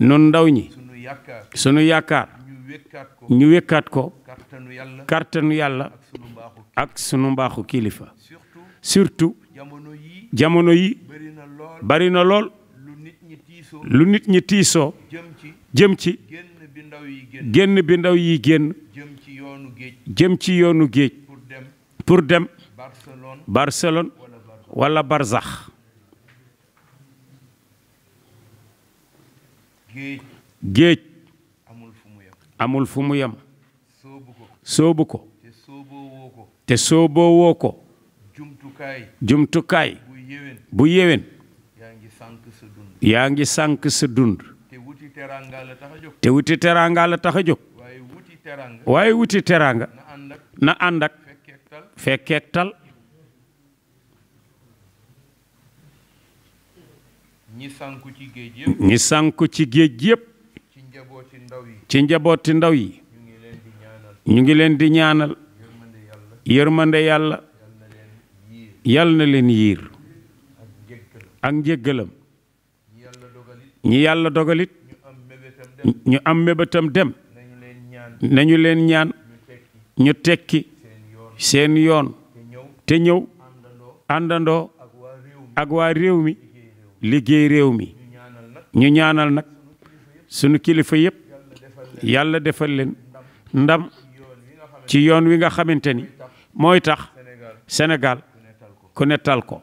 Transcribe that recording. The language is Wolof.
nun ndaw ñi sunu yaakaar ñu wékkaat ko kàttanu yàlla ak sunu mbaaxu kilifa surtout jamono yi bari na lool lu nit ñi tiisoo jëm ci génn bi ndaw yi génn jëm ci yoonu géej pour dem Barcelone wala Barzax géej amul fu mu yem soobu ko te sooboo woo ko jumtukaay bu yéwén yaa ngi sànq sa dund te wuti teraanga la tax a jóg waaye wuti teraanga na ànd fekkeek tal ñi sànku ci géej yëpp. ci géej yëpp. ci njabooti ndaw yi. ci njabooti ndaw yi. ñu ngi leen di ñaanal. yërmande yàlla. yal na leen yiir. ak njéggalam. ñi yàlla dogalit. ñu am mébétam dem. nañu leen ñaan. ñu tekki. seen yoon. te ñëw. àndandoo. ak waa réew mi. liggéey réew mi ñu ñaanal nag sunu kilifa yëpp yàlla defal leen ndam ci yoon wi nga xamante ni mooy tax Sénégal ku nettal ko